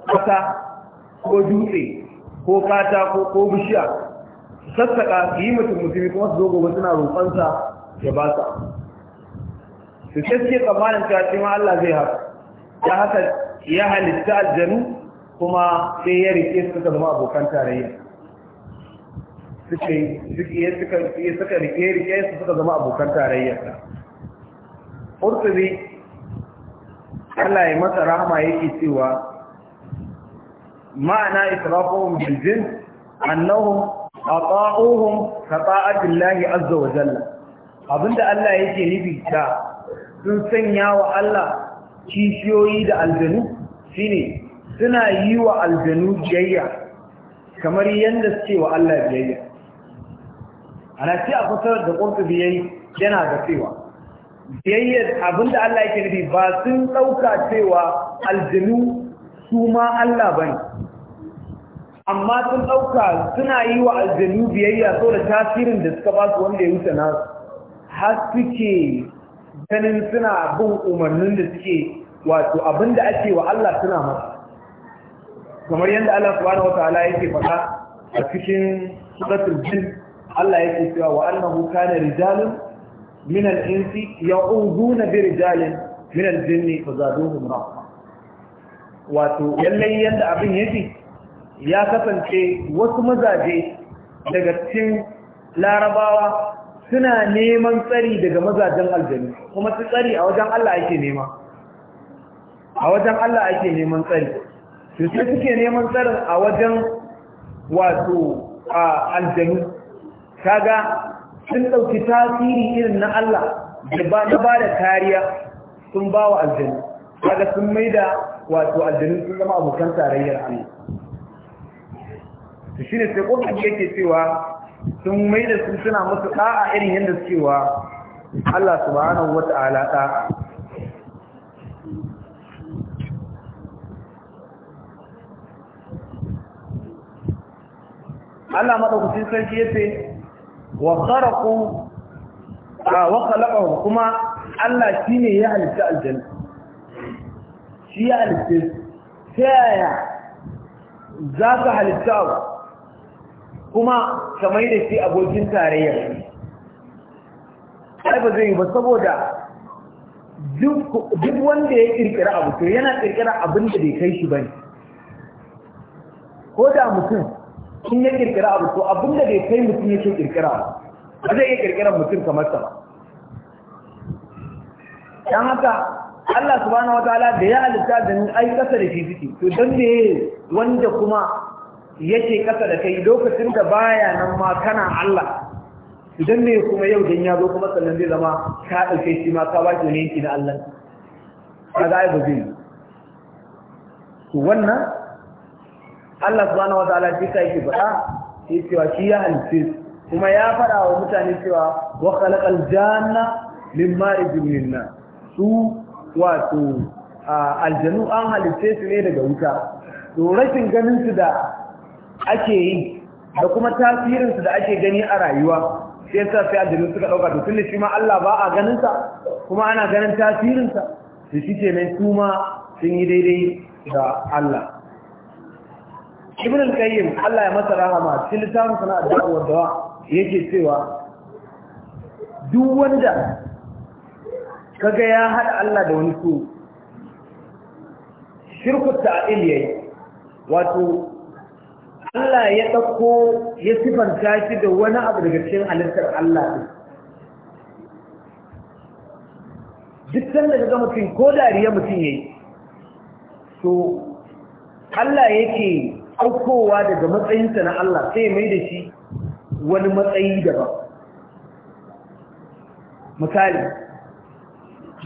Speaker 1: kasa ko dutse ko kata ko bishiya su sassaka su yi mutum mutumi kuma su zo gobe suna roƙonsa ya ba su su ce suke tsammanin cewa ma Allah zai haka ya haka ya halitta aljanu kuma sai ya rike su suka zama abokan tarayya suka yi suka rike rike su suka zama abokan tarayyarsa ƙurtubi Allah ya masa rahama yake cewa ma'ana israfuhum bil jin annahum ata'uhum kata'atin lahi azza wa jalla abinda Allah yake nufi ta sun sanya wa Allah kishiyoyi da aljanu shine suna yi wa aljanu biyayya kamar yadda suke wa Allah biyayya ana ce a kusurar da ƙurtubi yayi yana da cewa biyayyar abinda Allah yake nufi ba sun ɗauka cewa aljinu su ma Allah bane amma sun ɗauka suna yi wa aljinu biyayya so da tasirin da suka ba su wanda ya wuce nasu har suke ganin suna bin umarnin da suke wato abinda ake wa Allah suna masa kamar yadda Allah subhanahu wa ta'ala yake faɗa a cikin suratul jin Allah yake cewa wa annahu kana rijalun min al-insi ya'uduna bi rijalin min al-jinni fazaduhum rahma wato lallai yadda abin yake ya kasance wasu mazaje daga cikin larabawa suna neman tsari daga mazajen aljanu kuma su tsari a wajen Allah ake nema a wajen Allah ake neman tsari su suke neman tsarin a wajen wato aljanu kaga sun ɗauki tasiri irin na Allah da ba na ba da kariya sun ba wa aljanu kaga sun maida wato aljanu sun zama abokan tarayyar Allah to shine sai kokin yake cewa sun maida su suna musu da'a irin yadda suke wa Allah subhanahu wata'ala da'a Allah madaukakin sarki yace wa kharaqu wa khalaqahu kuma Allah shine ya halitta aljanna shi ya halitta sai za ka halitta kuma kamar da shi abokin tarayya sai ba zai ba saboda duk wanda ya kirkira abu to yana kirkira abin da bai kai shi bane ko da mutum sun ya kirkira abu to abin da bai kai mutum yake kirkira ba zai iya ƙirƙira mutum kamar ta. ba dan haka Allah subhanahu wataala da ya halitta da ni ai kasa da shi suke to dan me wanda kuma yake kasa da kai lokacin da baya nan ma kana Allah idan ne kuma yau dan ya zo kuma sannan zai zama ka dauke shi ma ka baki ne yanki na Allah kaga ai ba to wannan Allah subhanahu wataala shi ka yake faɗa shi cewa shi ya su kuma ya faɗa wa mutane cewa wa khalaqal janna min ma'ijin minna su wato aljanu an halice su ne daga wuta to rashin ganin su da ake yi da kuma tasirin su da ake gani a rayuwa sai yasa sai aljanu suka dauka to tunda shi ma Allah ba a ganin sa kuma ana ganin tasirin sa to shi ne su ma sun yi daidai da Allah ibn al-qayyim Allah ya masa rahama cikin littafin sana da'awar dawa yake cewa duk wanda kaga ya hada Allah da wani su shirku ta'il yayi wato Allah ya dauko ya sifanta shi da wani abu daga cikin halittar Allah din duk sanda kaga mutum ko dariya mutum yayi to Allah yake aukowa daga matsayinsa na Allah sai mai da shi wani matsayi daban misali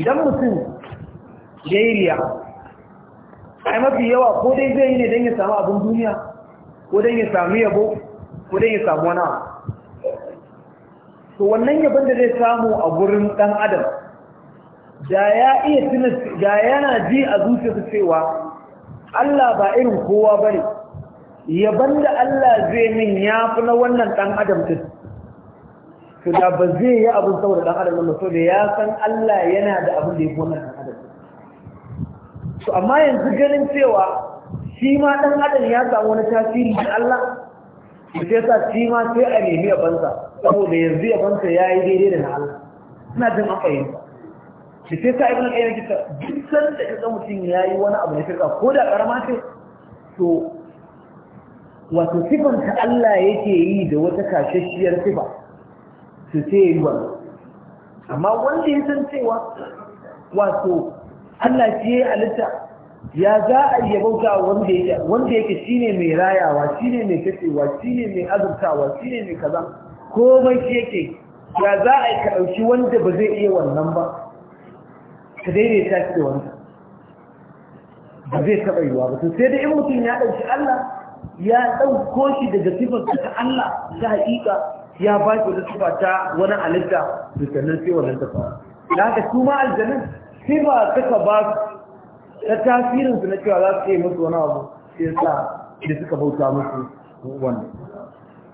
Speaker 1: idan mutum ya yi riya ai mafi yawa ko dai zai yi ne don ya samu abin duniya ko don ya samu yabo ko don ya samu wani to wannan yabon da zai samu a gurin ɗan adam da ya iya tuna da yana ji a zuciyarsa cewa Allah ba irin kowa bane yaban da Allah zai min ya fi na wannan ɗan adam din to da ba zai yi abin saboda ɗan adam ba da ya san Allah yana da abin da
Speaker 2: ya fi wannan ɗan adam
Speaker 1: to amma yanzu ganin cewa shi ma ɗan adam ya samu wani tasiri da Allah sai sa shi ma sai a nemi banza, saboda yanzu banza ya yi daidai da na Allah suna jin aka yi su sai sa ibn ɗaya na kita duk san da kaga mutum yi wani abu na shirka, ko da ƙarama ce to wato sifanta Allah yake yi da wata kashashiyar sifa su ce yi wannan amma wanda ya san cewa wato Allah ce ya halitta ya za a yi bauta wanda yake wanda yake shine mai rayawa shine mai katsewa shine mai azurtawa shine mai kaza komai shi yake ya za a yi ka ɗauki wanda ba zai iya wannan ba ka daidaita shi da wanda ba zai taɓa yiwa ba to sai da in mutum ya ɗauki Allah ya ɗauko shi daga sifar ta Allah ta haƙiƙa ya ba shi wata sifa ta wani halitta da sannan sai wannan ta fara da haka su ma aljanun sifa suka ba ta tasirin su na cewa za su yi musu wani abu sai sa
Speaker 2: da suka bauta musu wannan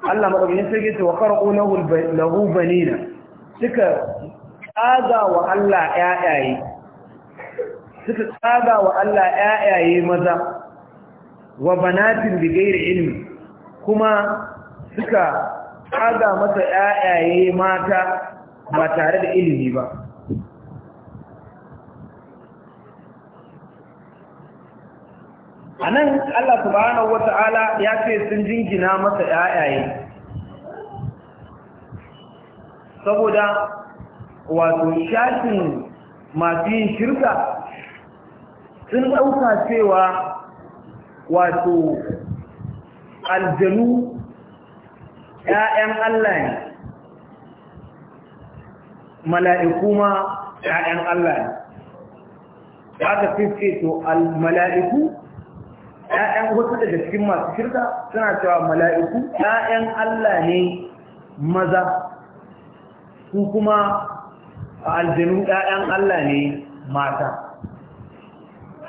Speaker 1: Allah madaukakin sarki ce wa qara'u lahu banina suka tsaga wa Allah ƴaƴaye suka tsaga wa Allah ƴaƴaye maza wa banatin bigairi ilmi kuma suka kaga masa ƴaƴaye mata ba tare da ilimi ba anan Allah subhanahu wata'ala ya ce sun jingina masa ƴaƴaye saboda wato shafin masu yin shirka sun ɗauka cewa wato aljanu ƴaƴan Allah ne mala'iku ma ƴaƴan Allah ne ya ka fiske to mala'iku ƴaƴan wasu daga cikin masu shirka suna cewa mala'iku ƴaƴan Allah ne maza su kuma aljanu ƴaƴan Allah ne mata.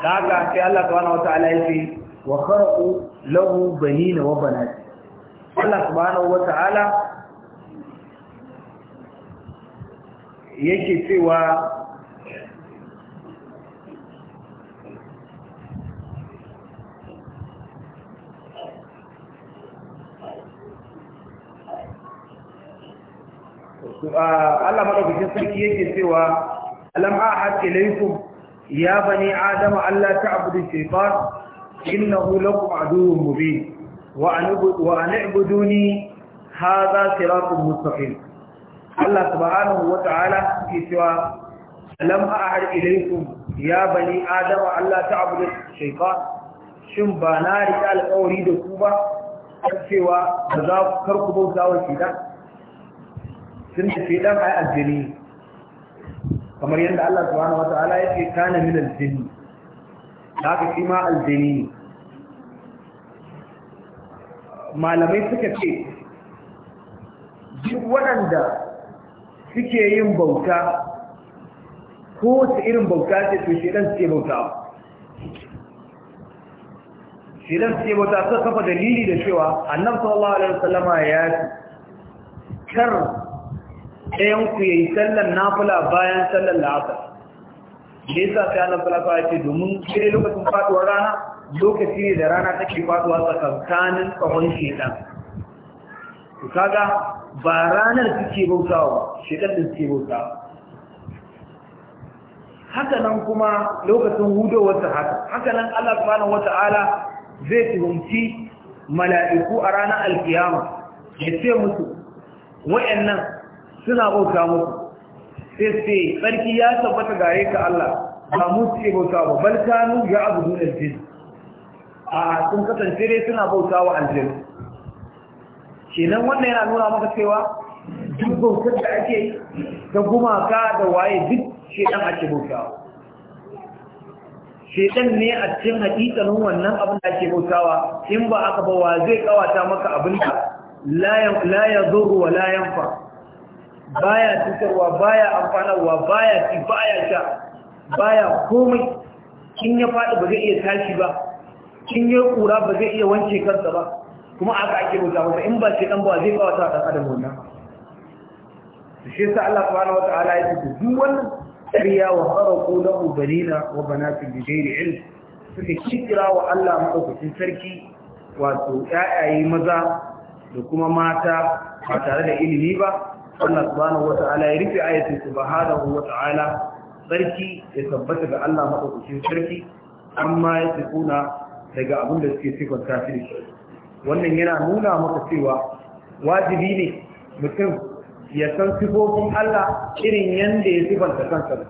Speaker 1: Ta haka sai Allah ta wani wata ala yake wa kharaqu lahu banina wa banat Allah subhanahu wa ta'ala yake cewa Allah madaukakin sarki yake cewa alam ahad ilaykum ya bani adama Allah ta'budu shaytan إنه لكم عدو مبين وأن اعبدوني هذا صراط
Speaker 2: مستقيم
Speaker 1: الله سبحانه وتعالى في سوى لم أعد إليكم يا بني آدم ألا تعبدوا الشيطان shin ba na riƙe alƙawari da ku ba har cewa ba za ku karku bauta wa shaidan sun da shaidan ai aljini kamar yadda Allah subhanahu wa kana min jini. haka shi ma aljani ne malamai suka ce duk waɗanda suke yin bauta ko su irin bauta ce to shedan suke bauta shedan suke bauta suka kafa dalili da cewa annabi sallallahu alaihi wasallama ya fi. kar ɗayan ku yi sallar nafula bayan sallar la'asar me yasa sai Allah sallallahu alaihi domin kire lokacin faduwar rana lokaci ne da rana take faduwa tsakanin tsawon shedan to kaga ba ranar suke bautawa shedan din suke bautawa haka nan kuma lokacin hudowar ta haka haka nan Allah subhanahu wata'ala zai tuhumci mala'iku a ranar alkiyama ya ce musu wa'annan suna bauta musu. sai sai tsarki ya tabbata gare ka Allah ba mu suke bauta ba bal kanu ya abu dun aljin a sun kasance dai suna bauta wa aljin kenan wannan yana nuna maka cewa duk bautar da ake yi ta gumaka da waye duk shedan ake bautawa shedan ne a cikin hakikanin wannan abin da ake bautawa in ba aka ba wa zai kawata maka abin da la ya zuru wa la yanfa baya cutarwa baya amfanarwa baya ci baya sha baya komai kin ya faɗi ba zai iya tashi ba kin ya kura ba zai iya wanke kansa ba kuma aka ake bauta masa in ba ce dan ba zai kawata a adam wannan shi yasa Allah subhanahu wata'ala ya ce duk wannan ƙarya wa kharaqu na banina wa banatin bi ghairi su suka kira wa Allah madaukakin sarki wato ƴaƴaye maza da kuma mata ba tare da ilimi ba Allah subhanahu wata'ala ya rufe ayatin subhanahu sarki ya tabbata ga Allah madaukakin sarki amma ya tsuna daga abin da suke sifar kafiri wannan yana nuna maka cewa wajibi ne mutum ya san sifofin Allah irin yanda ya sifanta kansa da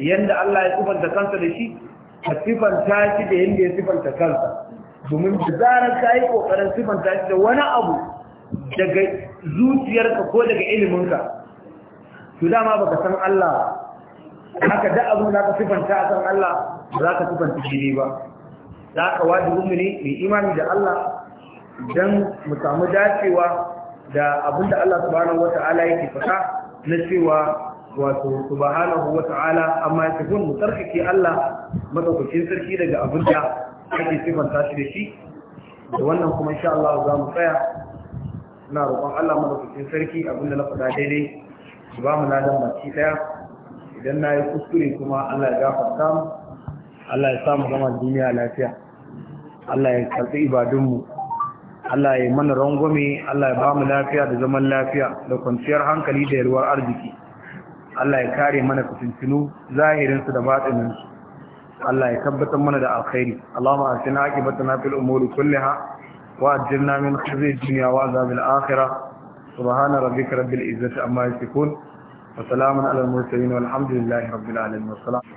Speaker 1: yanda Allah ya sifanta kansa da shi ka sifanta shi da yanda ya sifanta kansa domin da zarar ka yi kokarin sifanta shi da wani abu daga zuciyarka ko daga iliminka to dama baka san Allah haka da abun da ka sifanta a san Allah ba za ka sifanta shi ba za ka wajibin mu ne mai imani da Allah don mu samu dacewa da abinda Allah subhanahu wata'ala yake faɗa na cewa wato subhanahu wata'ala amma ya tafi mu tsarkake Allah madaukakin sarki daga abin da ake sifanta shi da shi da wannan kuma insha Allah za mu tsaya suna roƙon Allah madaukakin sarki abinda na faɗa daidai su ba mu ladan baki ɗaya idan na yi kuskure kuma Allah ya gafarta mu Allah ya samu zama duniya lafiya Allah ya karɓi ibadunmu Allah ya mana rangwame Allah ya ba mu lafiya da zaman lafiya da kwanciyar hankali da yalwar arziki Allah ya kare mana zahirin zahirinsu da baɗininsu Allah ya tabbatar mana da alkhairi Allahumma asina aqibatana fil umuri kulliha وأجرنا من خزي الدنيا وعذاب الآخرة سبحان
Speaker 2: ربك رب العزة أما يشركون وسلام على المرسلين والحمد لله رب العالمين والسلام